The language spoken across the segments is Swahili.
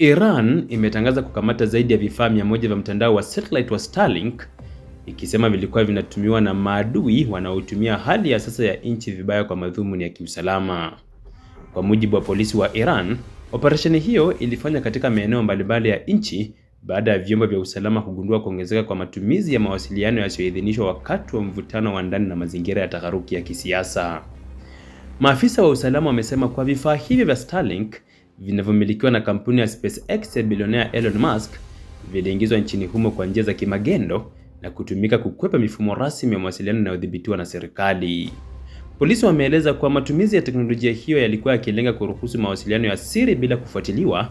Iran imetangaza kukamata zaidi ya vifaa moja vya mtandao wa satellite wa Starlink ikisema vilikuwa vinatumiwa na maadui wanaotumia hali ya sasa ya nchi vibaya kwa madhumuni ya kiusalama. Kwa mujibu wa polisi wa Iran, operesheni hiyo ilifanya katika maeneo mbalimbali ya nchi baada ya vyombo vya usalama kugundua kuongezeka kwa matumizi ya mawasiliano yasiyoidhinishwa wakati wa mvutano wa ndani na mazingira ya taharuki ya kisiasa. Maafisa wa usalama wamesema kuwa vifaa hivyo vya Starlink vinavyomilikiwa na kampuni ya SpaceX ya bilionea Elon Musk viliingizwa nchini humo kwa njia za kimagendo na kutumika kukwepa mifumo rasmi ya mawasiliano inayodhibitiwa na serikali. Polisi wameeleza kuwa matumizi ya teknolojia hiyo yalikuwa yakilenga kuruhusu mawasiliano ya siri bila kufuatiliwa,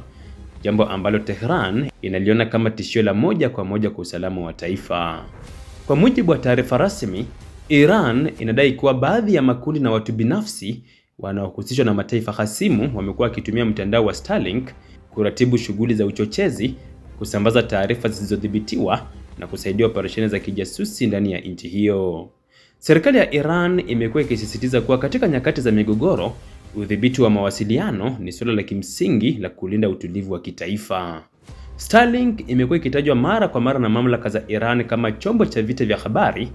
jambo ambalo Tehran inaliona kama tishio la moja kwa moja kwa usalama wa taifa. Kwa mujibu wa taarifa rasmi, Iran inadai kuwa baadhi ya makundi na watu binafsi wanaohusishwa na mataifa hasimu wamekuwa wakitumia mtandao wa Starlink kuratibu shughuli za uchochezi, kusambaza taarifa zisizodhibitiwa na kusaidia operesheni za kijasusi ndani ya nchi hiyo. Serikali ya Iran imekuwa ikisisitiza kuwa katika nyakati za migogoro, udhibiti wa mawasiliano ni suala la kimsingi la kulinda utulivu wa kitaifa. Starlink imekuwa ikitajwa mara kwa mara na mamlaka za Iran kama chombo cha vita vya habari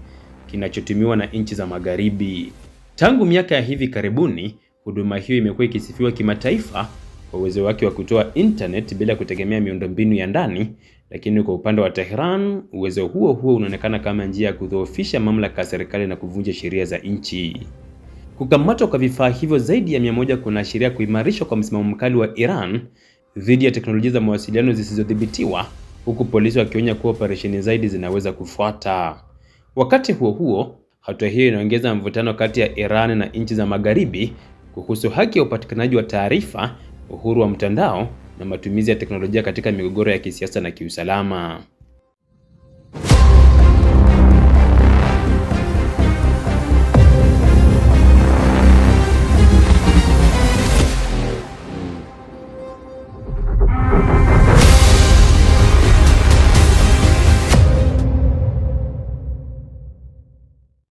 kinachotumiwa na nchi za Magharibi. Tangu miaka ya hivi karibuni, huduma hiyo imekuwa ikisifiwa kimataifa kwa uwezo wake wa kutoa internet bila kutegemea miundombinu ya ndani, lakini kwa upande wa Tehran, uwezo huo huo unaonekana kama njia ya kudhoofisha mamlaka ya serikali na kuvunja sheria za nchi. Kukamatwa kwa vifaa hivyo zaidi ya mia kuna kunaashiria kuimarishwa kwa msimamo mkali wa Iran dhidi ya teknolojia za mawasiliano zisizodhibitiwa, huku polisi wakionya kuwa operesheni zaidi zinaweza kufuata. Wakati huo huo, Hatua hiyo inaongeza mvutano kati ya Iran na nchi za Magharibi kuhusu haki ya upatikanaji wa taarifa, uhuru wa mtandao na matumizi ya teknolojia katika migogoro ya kisiasa na kiusalama.